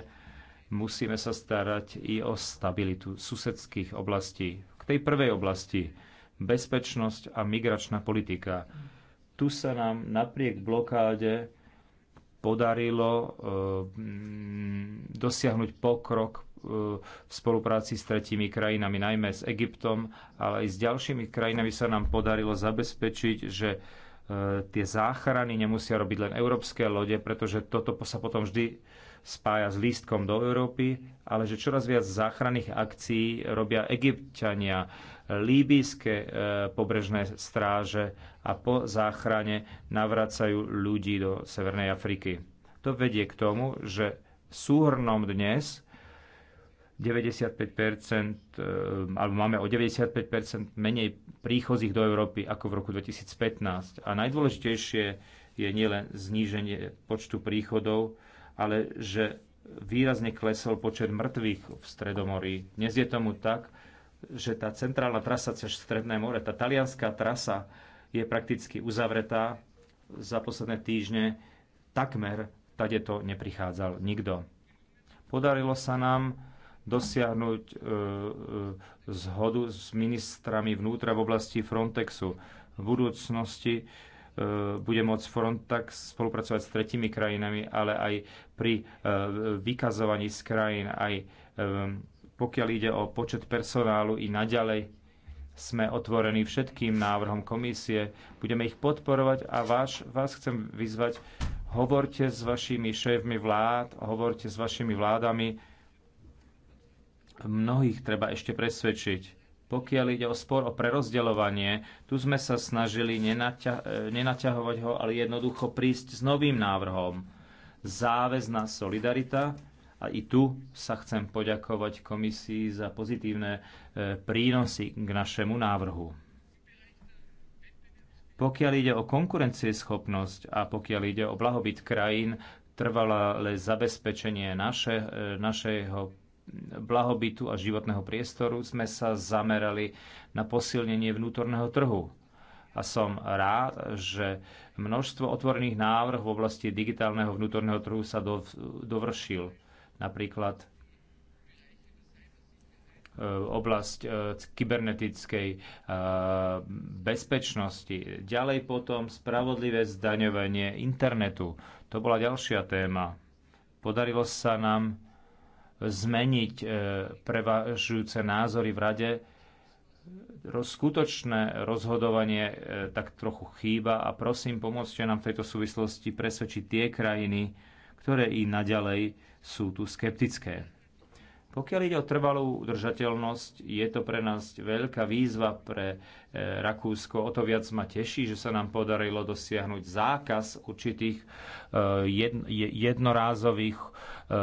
[SPEAKER 3] musíme sa starať i o stabilitu susedských oblastí. K tej prvej oblasti bezpečnosť a migračná politika tu sa nám napriek blokáde podarilo e, mm, dosiahnuť pokrok e, v spolupráci s tretími krajinami, najmä s Egyptom, ale aj s ďalšími krajinami sa nám podarilo zabezpečiť, že e, tie záchrany nemusia robiť len európske lode, pretože toto sa potom vždy spája s lístkom do Európy, ale že čoraz viac záchranných akcií robia egyptiania, líbyjské e, pobrežné stráže a po záchrane navracajú ľudí do Severnej Afriky. To vedie k tomu, že súhrnom dnes 95%, e, alebo máme o 95% menej príchozích do Európy ako v roku 2015. A najdôležitejšie je nielen zníženie počtu príchodov, ale že výrazne klesol počet mŕtvych v Stredomorí. Dnes je tomu tak, že tá centrálna trasa cez Stredné more, tá talianská trasa je prakticky uzavretá za posledné týždne. Takmer tade to neprichádzal nikto. Podarilo sa nám dosiahnuť e, e, zhodu s ministrami vnútra v oblasti Frontexu. V budúcnosti e, bude môcť Frontex spolupracovať s tretimi krajinami, ale aj pri e, vykazovaní z krajín, aj e, pokiaľ ide o počet personálu i naďalej, sme otvorení všetkým návrhom komisie, budeme ich podporovať a vás, vás chcem vyzvať, hovorte s vašimi šéfmi vlád, hovorte s vašimi vládami, mnohých treba ešte presvedčiť. Pokiaľ ide o spor o prerozdeľovanie, tu sme sa snažili nenaťa- e, nenaťahovať ho, ale jednoducho prísť s novým návrhom. Záväzná solidarita, a i tu sa chcem poďakovať komisii za pozitívne e, prínosy k našemu návrhu. Pokiaľ ide o konkurencieschopnosť a pokiaľ ide o blahobyt krajín, trvalé zabezpečenie naše, e, našeho blahobytu a životného priestoru sme sa zamerali na posilnenie vnútorného trhu. A som rád, že množstvo otvorených návrh v oblasti digitálneho vnútorného trhu sa dovršil Napríklad e, oblasť e, kybernetickej e, bezpečnosti. Ďalej potom spravodlivé zdaňovanie internetu. To bola ďalšia téma. Podarilo sa nám zmeniť prevažujúce názory v rade. Skutočné rozhodovanie tak trochu chýba a prosím, pomôžte nám v tejto súvislosti presvedčiť tie krajiny, ktoré i naďalej sú tu skeptické. Pokiaľ ide o trvalú udržateľnosť, je to pre nás veľká výzva pre e, Rakúsko. O to viac ma teší, že sa nám podarilo dosiahnuť zákaz určitých e, jednorázových e,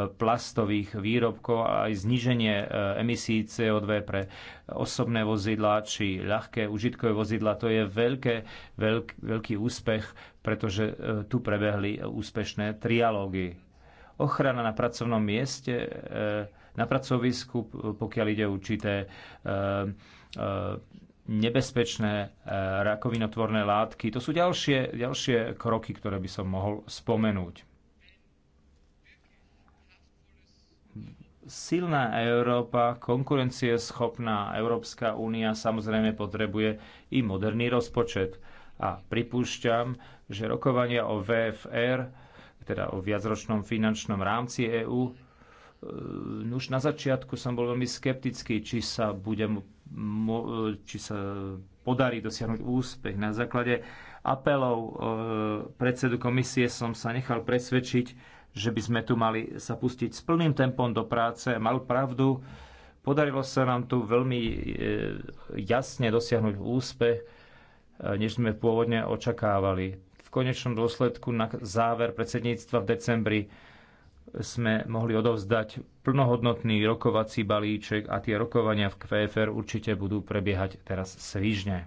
[SPEAKER 3] plastových výrobkov a aj zniženie emisí CO2 pre osobné vozidlá či ľahké užitkové vozidla. To je veľké, veľk, veľký úspech, pretože tu prebehli úspešné trialógy. Ochrana na pracovnom mieste na pracovisku, pokiaľ ide určité e, e, nebezpečné e, rakovinotvorné látky. To sú ďalšie, ďalšie kroky, ktoré by som mohol spomenúť. silná Európa, konkurencieschopná Európska únia samozrejme potrebuje i moderný rozpočet. A pripúšťam, že rokovania o VFR, teda o viacročnom finančnom rámci EÚ, Ehm, už na začiatku som bol veľmi skeptický, či sa, budem, ehm, či sa podarí dosiahnuť úspech. Na základe apelov ehm, predsedu komisie som sa nechal presvedčiť, že by sme tu mali sa pustiť s plným tempom do práce. Mal pravdu, podarilo sa nám tu veľmi jasne dosiahnuť úspech, než sme pôvodne očakávali. V konečnom dôsledku na záver predsedníctva v decembri sme mohli odovzdať plnohodnotný rokovací balíček a tie rokovania v KFR určite budú prebiehať teraz svižne.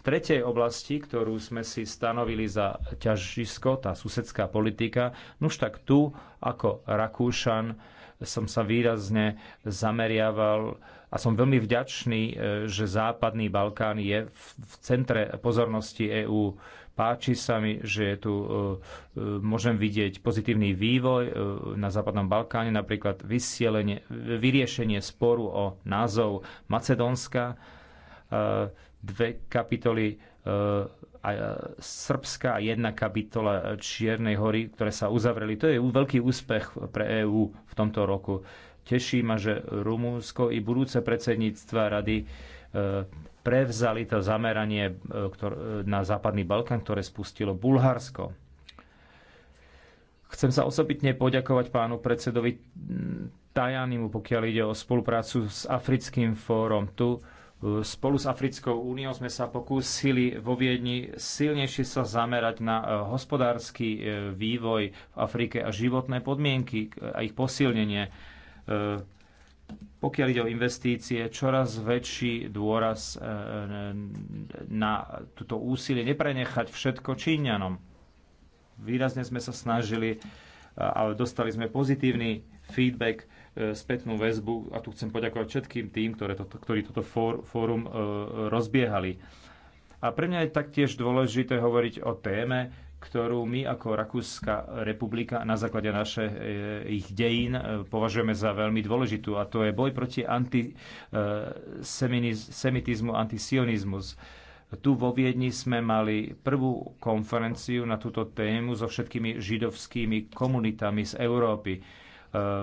[SPEAKER 3] V tretej oblasti, ktorú sme si stanovili za ťažisko, tá susedská politika, nuž tak tu ako Rakúšan som sa výrazne zameriaval a som veľmi vďačný, e, že Západný Balkán je v centre pozornosti EÚ Páči sa mi, že je tu, e, e, môžem vidieť pozitívny vývoj e, na Západnom Balkáne, napríklad vyriešenie sporu o názov Macedónska, dve kapitoly a Srbska a jedna kapitola Čiernej hory, ktoré sa uzavreli. To je veľký úspech pre EÚ v tomto roku. Teší ma, že Rumúnsko i budúce predsedníctva rady prevzali to zameranie e, e, na Západný Balkán, ktoré spustilo Bulharsko. Chcem sa osobitne poďakovať pánu predsedovi Tajanimu, pokiaľ ide o spoluprácu s Africkým fórom. Tu e, spolu s Africkou úniou sme sa pokúsili vo Viedni silnejšie sa zamerať na hospodársky vývoj v Afrike a životné podmienky a ich posilnenie pokiaľ ide o investície, čoraz väčší dôraz e, e, na túto úsilie neprenechať všetko Číňanom. Výrazne sme sa snažili e, a dostali sme pozitívny feedback, spätnú väzbu a tu chcem poďakovať všetkým tým, ktoré toto, ktorí toto fórum rozbiehali. A pre mňa je taktiež dôležité hovoriť o téme, ktorú my ako Rakúska republika na základe našich eh, dejín eh, považujeme za veľmi dôležitú a to je boj proti antisemitizmu, eh, antisionizmus. Tu vo Viedni sme mali prvú konferenciu na túto tému so všetkými židovskými komunitami z Európy.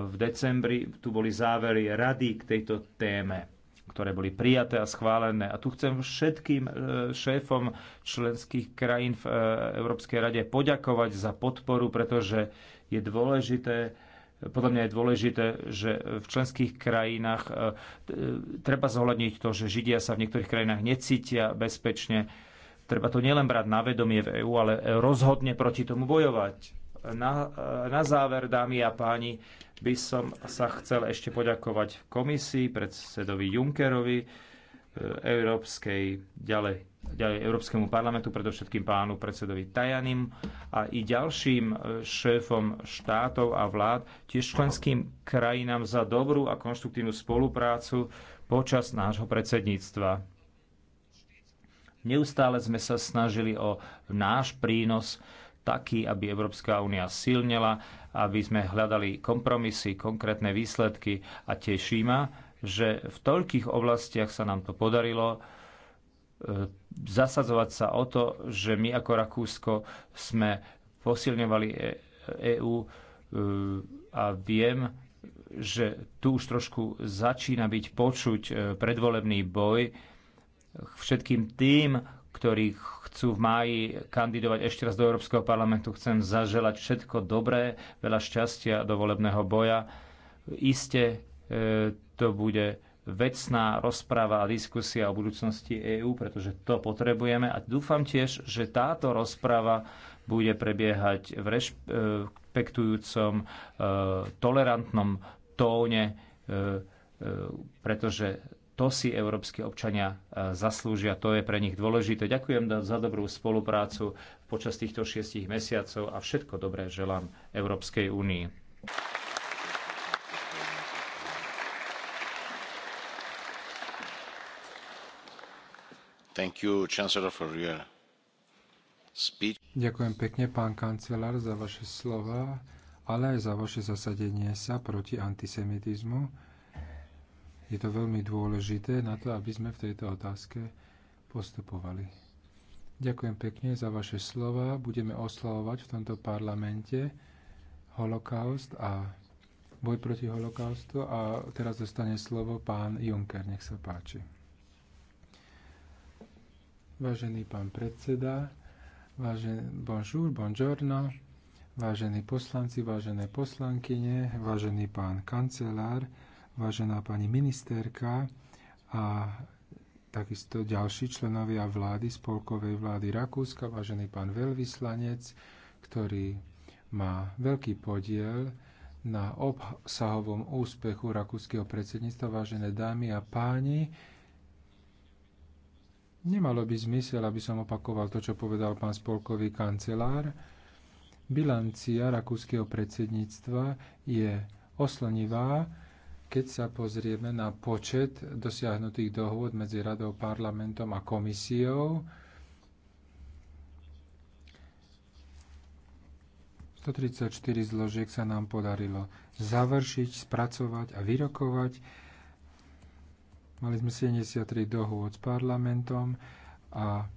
[SPEAKER 3] V decembri tu boli závery rady k tejto téme ktoré boli prijaté a schválené. A tu chcem všetkým e, šéfom členských krajín v e, Európskej rade poďakovať za podporu, pretože je dôležité, podľa mňa je dôležité, že v členských krajinách e, treba zohľadniť to, že Židia sa v niektorých krajinách necítia bezpečne. Treba to nielen brať na vedomie v EÚ, ale rozhodne proti tomu bojovať na, na záver, dámy a páni, by som sa chcel ešte poďakovať komisii, predsedovi Junckerovi, e, Európskej, ďalej, ďalej Európskemu parlamentu, predovšetkým pánu predsedovi Tajanim a i ďalším e, šéfom štátov a vlád, tiež členským krajinám za dobrú a konštruktívnu spoluprácu počas nášho predsedníctva. Neustále sme sa snažili o náš prínos taký, aby Európska únia silnela, aby sme hľadali kompromisy, konkrétne výsledky a teší ma, že v toľkých oblastiach sa nám to podarilo e, zasadzovať sa o to, že my ako Rakúsko sme posilňovali EÚ e, e a viem, že tu už trošku začína byť počuť predvolebný boj všetkým tým, ktorí chcú v máji kandidovať ešte raz do Európskeho parlamentu, chcem zaželať všetko dobré, veľa šťastia do volebného boja. e, to bude vecná rozpráva a diskusia o budúcnosti EÚ, pretože to potrebujeme a dúfam tiež, že táto rozpráva bude prebiehať v rešpektujúcom, e, e, tolerantnom tóne, e, pretože to si európsky občania e, zaslúžia, to je pre nich dôležité. Ďakujem za dobrú spoluprácu počas týchto šiestich mesiacov a všetko dobré želám Európskej únii. You,
[SPEAKER 2] Ďakujem pekne, pán kancelár, za vaše slova, ale aj za vaše zasadenie sa proti antisemitizmu. Je to veľmi dôležité na to, aby sme v tejto otázke postupovali. Ďakujem pekne za vaše slova. Budeme oslavovať v tomto parlamente holokaust a boj proti holokaustu a teraz dostane slovo pán Juncker. Nech sa páči. Vážený pán predseda, vážený bonjour, buongiorno, vážení poslanci, vážené poslankyne, vážený pán kancelár, vážená pani ministerka a takisto ďalší členovia vlády, spolkovej vlády Rakúska, vážený pán veľvyslanec, ktorý má veľký podiel na obsahovom úspechu rakúskeho predsedníctva, vážené dámy a páni. Nemalo by zmysel, aby som opakoval to, čo povedal pán spolkový kancelár. Bilancia rakúskeho predsedníctva je oslnivá, keď sa pozrieme na počet dosiahnutých dohôd medzi Radou, parlamentom a komisiou, 134 zložiek sa nám podarilo završiť, spracovať a vyrokovať. Mali sme 73 dohôd s parlamentom a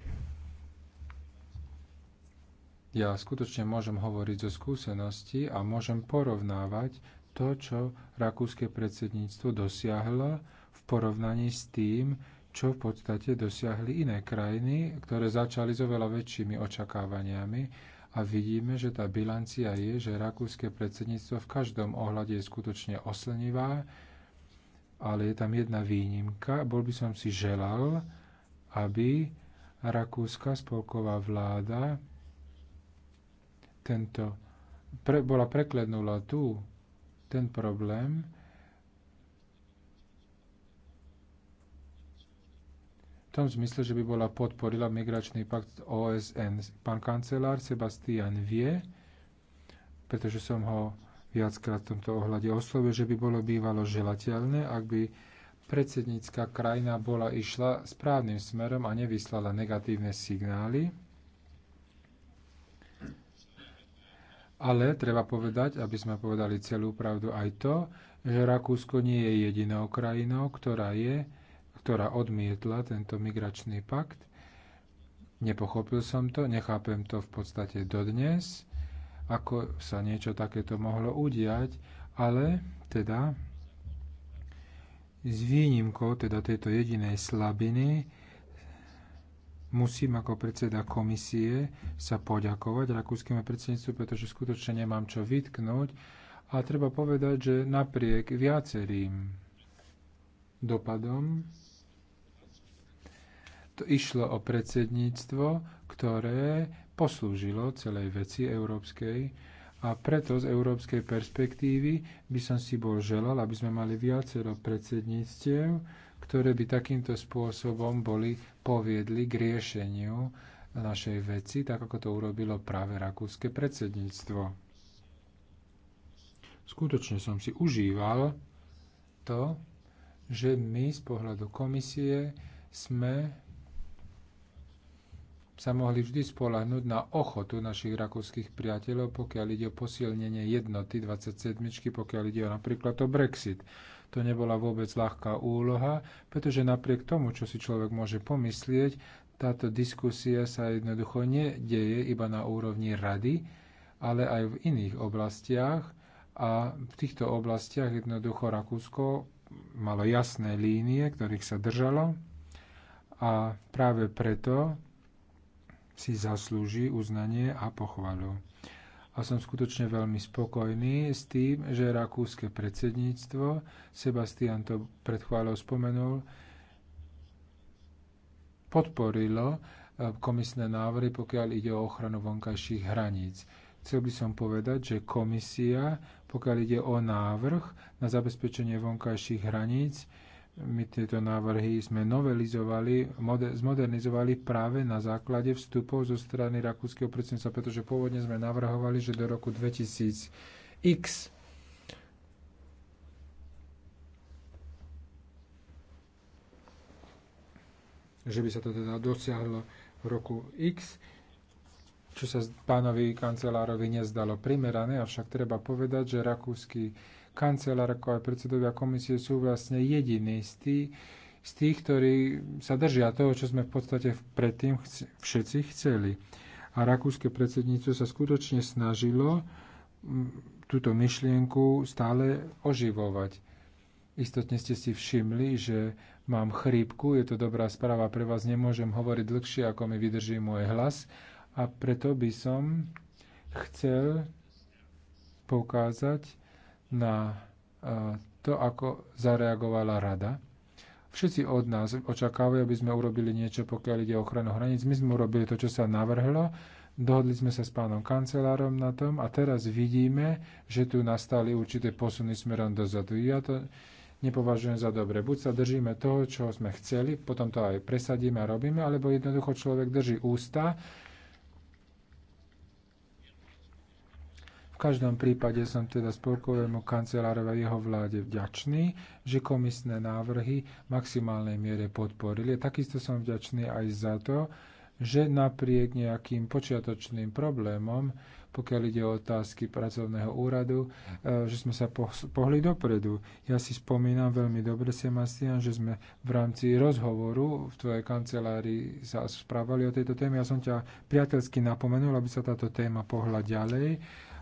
[SPEAKER 2] ja skutočne môžem hovoriť zo skúsenosti a môžem porovnávať to, čo rakúske predsedníctvo dosiahlo v porovnaní s tým, čo v podstate dosiahli iné krajiny, ktoré začali s oveľa väčšími očakávaniami a vidíme, že tá bilancia je, že rakúske predsedníctvo v každom ohľade je skutočne oslnivá, ale je tam jedna výnimka. Bol by som si želal, aby rakúska spolková vláda tento pre, bola preklenula tú ten problém, v tom zmysle, že by bola podporila migračný pakt OSN. Pán kancelár Sebastian vie, pretože som ho viackrát v tomto ohľade oslovil, že by bolo bývalo želateľné, ak by predsednícka krajina bola išla správnym smerom a nevyslala negatívne signály Ale treba povedať, aby sme povedali celú pravdu aj to, že Rakúsko nie je jedinou krajinou, ktorá, je, ktorá odmietla tento migračný pakt. Nepochopil som to, nechápem to v podstate dodnes, ako sa niečo takéto mohlo udiať, ale teda s výnimkou teda tejto jedinej slabiny, musím ako predseda komisie sa poďakovať rakúskemu predsedníctvu, pretože skutočne nemám čo vytknúť. A treba povedať, že napriek viacerým dopadom to išlo o predsedníctvo, ktoré poslúžilo celej veci európskej a preto z európskej perspektívy by som si bol želal, aby sme mali viacero predsedníctiev, ktoré by takýmto spôsobom boli poviedli k riešeniu našej veci, tak ako to urobilo práve rakúske predsedníctvo. Skutočne som si užíval to, že my z pohľadu komisie sme sa mohli vždy spolahnúť na ochotu našich rakúskych priateľov, pokiaľ ide o posilnenie jednoty 27, pokiaľ ide o napríklad o Brexit. To nebola vôbec ľahká úloha, pretože napriek tomu, čo si človek môže pomyslieť, táto diskusia sa jednoducho nedeje iba na úrovni rady, ale aj v iných oblastiach. A v týchto oblastiach jednoducho Rakúsko malo jasné línie, ktorých sa držalo. A práve preto si zaslúži uznanie a pochvalu a som skutočne veľmi spokojný s tým, že rakúske predsedníctvo, Sebastian to pred chváľou spomenul, podporilo e, komisné návrhy, pokiaľ ide o ochranu vonkajších hraníc. Chcel by som povedať, že komisia, pokiaľ ide o návrh na zabezpečenie vonkajších hraníc, my tieto návrhy sme novelizovali, moder, zmodernizovali práve na základe vstupov zo strany rakúskeho predsednictva, pretože pôvodne sme navrhovali, že do roku 2000x že by sa to teda dosiahlo v roku X, čo sa pánovi kancelárovi nezdalo primerané, avšak treba povedať, že rakúsky kancelárko aj predsedovia komisie sú vlastne jediní z tých, z tých, ktorí sa držia toho, čo sme v podstate predtým všetci chceli. A rakúske predsedníctvo sa skutočne snažilo mm, túto myšlienku stále oživovať. Istotne ste si všimli, že mám chrípku, je to dobrá správa pre vás, nemôžem hovoriť dlhšie, ako mi vydrží môj hlas a preto by som chcel poukázať na to, ako zareagovala rada. Všetci od nás očakávajú, aby sme urobili niečo, pokiaľ ide o ochranu hraníc. My sme urobili to, čo sa navrhlo. Dohodli sme sa s pánom kancelárom na tom a teraz vidíme, že tu nastali určité posuny smerom dozadu. Ja to nepovažujem za dobre. Buď sa držíme toho, čo sme chceli, potom to aj presadíme a robíme, alebo jednoducho človek drží ústa každom prípade som teda spolkovému kancelárovi a jeho vláde vďačný, že komisné návrhy v maximálnej miere podporili. Takisto som vďačný aj za to, že napriek nejakým počiatočným problémom, pokiaľ ide o otázky pracovného úradu, e, že sme sa pohli dopredu. Ja si spomínam veľmi dobre, Sebastian, že sme v rámci rozhovoru v tvojej kancelárii sa správali o tejto téme. Ja som ťa priateľsky napomenul, aby sa táto téma pohla ďalej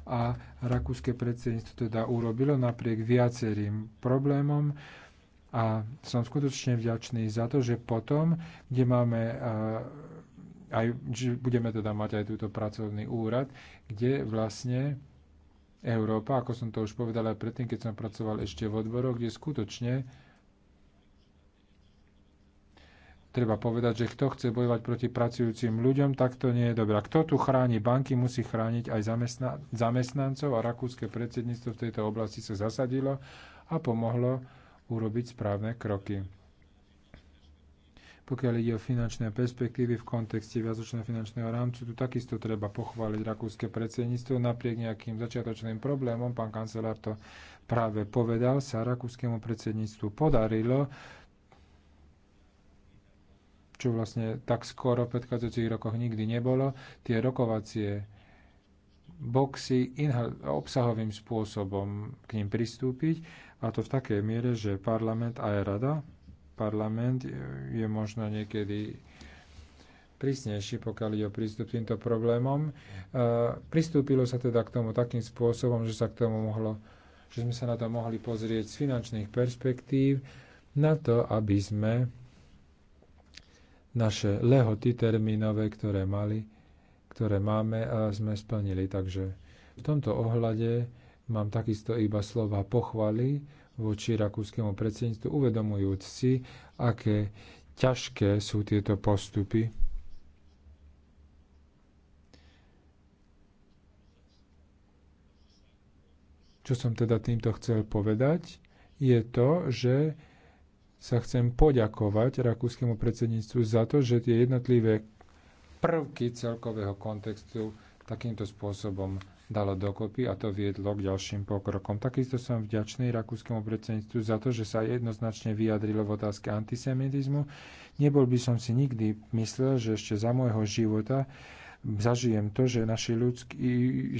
[SPEAKER 2] a rakúske predsedníctvo teda urobilo napriek viacerým problémom. A som skutočne vďačný za to, že potom, kde máme eh, aj, že budeme teda mať aj túto pracovný úrad, kde vlastne Európa, ako som to už povedal aj predtým, keď som pracoval ešte v odboroch, kde skutočne Treba povedať, že kto chce bojovať proti pracujúcim ľuďom, tak to nie je dobré. Kto tu chráni banky, musí chrániť aj zamestna- zamestnancov a rakúske predsedníctvo v tejto oblasti sa zasadilo a pomohlo urobiť správne kroky. Pokiaľ ide o finančné perspektívy v kontexte viacočného finančného rámcu, tu takisto treba pochváliť rakúske predsedníctvo. Napriek nejakým začiatočným problémom, pán kancelár to práve povedal, sa rakúskemu predsedníctvu podarilo čo vlastne tak skoro v predchádzajúcich rokoch nikdy nebolo, tie rokovacie boxy obsahovým spôsobom k ním pristúpiť a to v takej miere, že parlament a aj rada, parlament e, je možno niekedy prísnejší, pokiaľ ide o prístup k týmto problémom. E, pristúpilo sa teda k tomu takým spôsobom, že sa k tomu mohlo, že sme sa na to mohli pozrieť z finančných perspektív, na to, aby sme naše lehoty termínové, ktoré, mali, ktoré máme a sme splnili. Takže v tomto ohľade mám takisto iba slova pochvaly voči rakúskému predsedníctvu, uvedomujúc si, aké ťažké sú tieto postupy. Čo som teda týmto chcel povedať, je to, že sa chcem poďakovať rakúskému predsedníctvu za to, že tie jednotlivé prvky celkového kontextu takýmto spôsobom dalo dokopy a to viedlo k ďalším pokrokom. Takisto som vďačný rakúskému predsedníctvu za to, že sa jednoznačne vyjadrilo v otázke antisemitizmu. Nebol by som si nikdy myslel, že ešte za môjho života zažijem to, že naši ľudskí,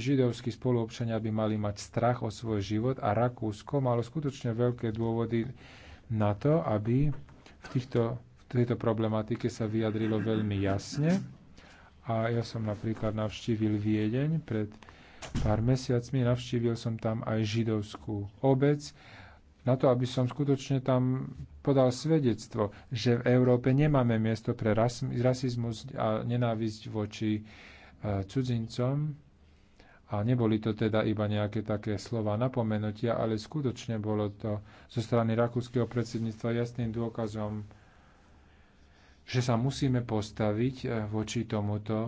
[SPEAKER 2] židovskí spoluobčania by mali mať strach o svoj život a Rakúsko malo skutočne veľké dôvody na to, aby v, týchto, v tejto problematike sa vyjadrilo veľmi jasne. A ja som napríklad navštívil Viedeň pred pár mesiacmi, navštívil som tam aj židovskú obec, na to, aby som skutočne tam podal svedectvo, že v Európe nemáme miesto pre rasizmus a nenávisť voči eh, cudzincom, a neboli to teda iba nejaké také slova napomenutia, ale skutočne bolo to zo strany rakúskeho predsedníctva jasným dôkazom, že sa musíme postaviť eh, voči tomuto